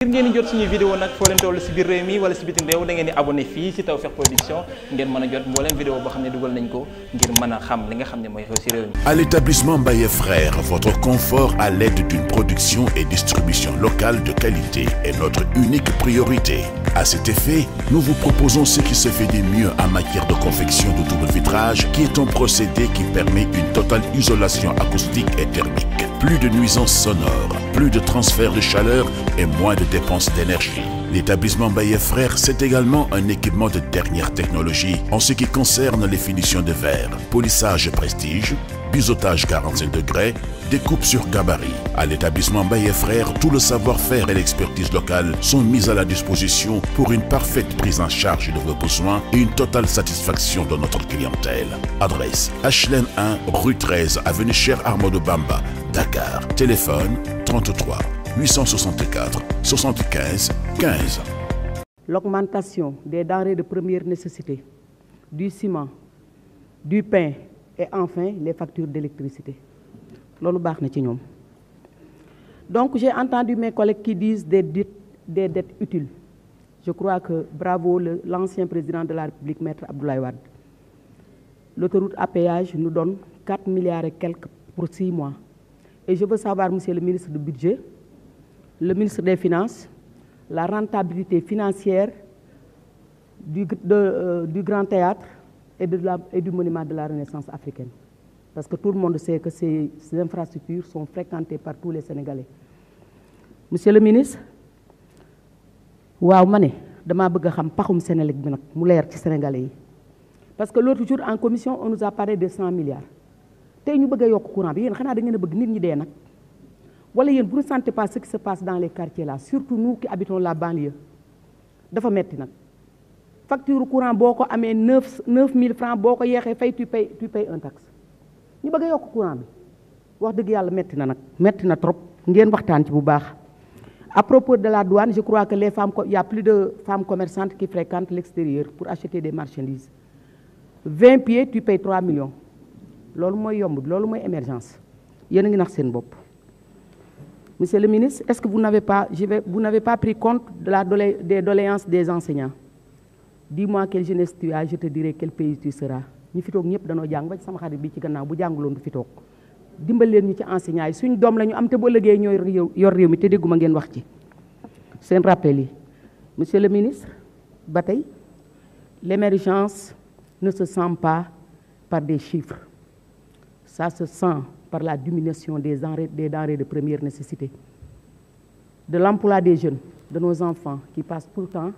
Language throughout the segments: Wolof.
ngir ngeen di jot suñuy vidéo nag foo leen toll wala si bitim réew di abonné fii si Tawfekh Production ngeen mën a jot mbooleem vidéo boo xam ne dugal nañ ko ngir mën a xam li nga xam ne mooy xew si réew mi. À l'établissement Mbaye Frères, votre confort à l'aide d'une production et distribution locale de qualité est notre unique priorité. À cet effet, nous vous proposons ce qui se fait de mieux en matière de confection de double vitrage, Plus de nuisances sonores, plus de transfert de chaleur et moins de dépenses d'énergie. L'établissement Baye Frères, c'est également un équipement de dernière technologie en ce qui concerne les finitions de verre, polissage prestige, biseautage 45 degrés, découpe sur gabarit. À l'établissement Baye Frères, tout le savoir-faire et l'expertise locale sont mis à la disposition pour une parfaite prise en charge de vos besoins et une totale satisfaction de notre Dakar téléphone L'augmentation des denrées de première nécessité, du ciment, du pain et enfin les factures d'électricité. loolu baax na ci ñoom donc j'ai entendu mes collègues qui disent des dettes des dettes utiles je crois que bravo le l'ancien président de la République maître Abdoulaye Wade l'autoroute à péage nous donne milliards et quelques pour 6 mois Et je veux savoir, monsieur le ministre du Budget, le ministre des Finances, la rentabilité financière du, de, euh, du Grand Théâtre et, de la, et du Monument de la Renaissance africaine. Parce que tout le monde sait que ces, ces infrastructures sont fréquentées par tous les Sénégalais. Monsieur le ministre, waaw ma ne damaa bëgg a xam paxum Sénélec bi nag mu leer ci Sénégalais yi parce que l'autre jour en commission on nous a parlé de milliards tey ñu bëgg yokk courant bi yéen xanaa da ngeen a bëgg nit ñi dee nag wala yéen bu ne sentez pas ce qui se passe dans les quartiers là surtout nous qui habitons la banlieue dafa metti nag facture courant boo ko amee neuf neuf mille francs boo ko yeexee fay tu pay tu pay un taxe ñu bëgg yokk courant bi wax dëgg yàlla metti na nag metti na trop ngeen waxtaan ci bu baax à propos de la douane je crois que les femmes il y a plus de femmes commerçantes qui fréquentent pour acheter des marchandises vingt pieds tu payes trois loolu mooy yomb loolu mooy émergence yéen a ngi nax seen bopp monsieur le ministre est-ce que bu n'avez pas je vais vous n'avez pas pris compte de la dolé des doléances des enseignants dis-moi quelle jeunesse tu as je te dirai quel pays tu seras ñi fi toog ñëpp danoo jàng ba ci sama xarit bi ci gannaaw bu jànguloon du fi toog dimbal leen ñu ci enseignants yi suñ doom lañu ñu am te boo lëggee ñooy yor réew mi te dégguma ngeen wax ci seen rappel yi monsieur le ministre ba tey l'émergence ne se pas par des chiffres Ça se sent par la diminution des des denrées, de première nécessité, de l'emploi des jeunes, de nos enfants qui passent pourtant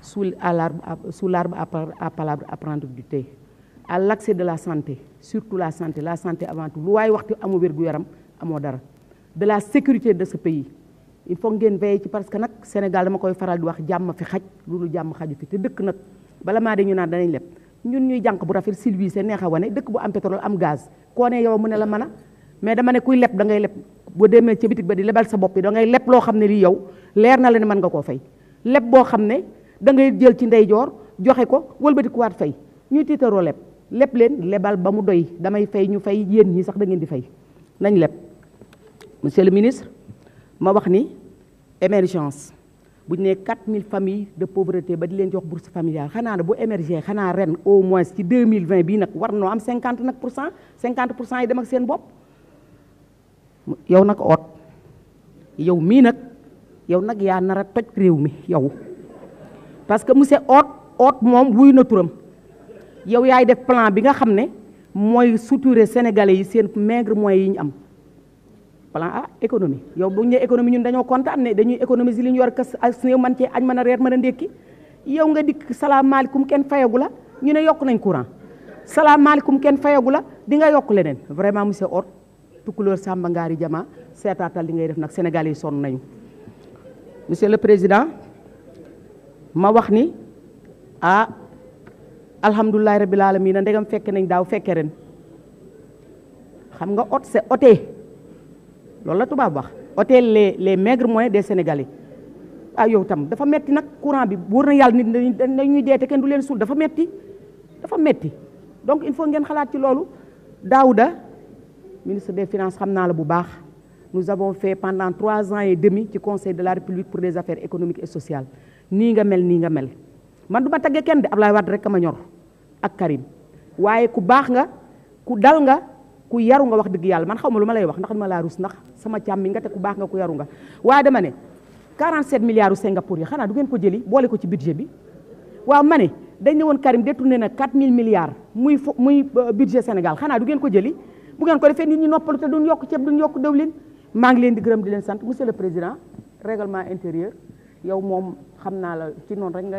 sous l'arbre à, palabre à prendre du thé, à l'accès de la santé, surtout la santé, la santé avant tout. De la sécurité de ce pays. il faut ngeen veillé ci parce que nag Sénégal dama koy faral di wax jàmm fi xaj loolu jàmm xaju fi te dëkk nag bala maa dañu naan danañ leb ñun ñuy jànq bu rafet silvissé neex a wane dëkk bu am pétrole am gaz koo ne yow mu ne la mën a mais dama ne kuy leb dangay ngay leb boo demee ca bitig ba di lebal sa bopp bi da ngay leb loo xam ne lii yow leer na la ne mën nga koo fay leb boo xam ne da ngay jël ci ndeyjoor joxe ko wëlbatikuwaat fay ñuy tiitaroo leb leb leen lebal ba mu doy damay fay ñu fay yéen ñi sax da ngeen di fay nañ leb monsieur le ministre ma wax ni émergence bu ñu nee mille famille de pauvreté ba di leen jox bourse familiale xanaa ne bu émerger xanaa ren au moins ci 2020 bii nag war noo am 50 nag pour cent 50 pour cent yi dem ak seen bopp. yow nag oot yow mii nag yow nag yaa nar a toj réew mi yow parce que monsieur oot oot moom wuy na turam yow yaay def plan bi nga xam ne mooy suturer sénégalais yi seen maigre moyens yi ñu am. plan A économie yow bu ñu nee économie dañoo kontaan ne dañuy économiser li ñu yor kës as néew man cee añ mën a reer mën a ndékki yow nga dikk salaamaaleykum kenn fayagu la ñu ne yokk nañ courant salaamaaleykum kenn fayagu la di nga yokk leneen vraiment monsieur Hott Tukulóor Samba Ngaari Jama seetaatal li ngay def nag Sénégal yi sonn nañu. monsieur le président ma wax ni ah alhamdulilah rabil aalamiina ndegam fekk nañ daaw fekke ren xam nga ot c'est oté. loolu la tubaab wax hôtel les les maigres moyens des sénégalais ah yow tam dafa metti nag courant bi wóor na yàlla nit na na ñuy dee te kenn du leen suul dafa metti dafa metti donc il faut ngeen xalaat ci loolu Daouda ministre des finance xam naa la bu baax nous avons fait pendant trois ans et demi ci conseil de la république pour des affaires économiques et sociales nii nga mel nii nga mel man du ma taggee kenn de Ablaye Wade rek a ma ñor ak Karim waaye nga ku yaru nga wax dëgg yàlla man xaw ma lu ma lay wax ndax ma laa rus ndax sama càmmi nga te ku baax nga ku yaru nga waaye dama ne 47 milliards Singapour yi xanaa du ngeen ko jëli boole ko ci budget bi waaw ma ne dañ ne woon Karim détourné na 4000 milliards muy muy euh, budget Sénégal xanaa du ngeen ko jëli bu ngeen ko defee nit ñi noppalu te duñ yokk ceeb duñ yokk dëwlin maa ngi leen di gërëm di leen sant monsieur le président règlement intérieur yow moom xam naa la ci noonu rek nga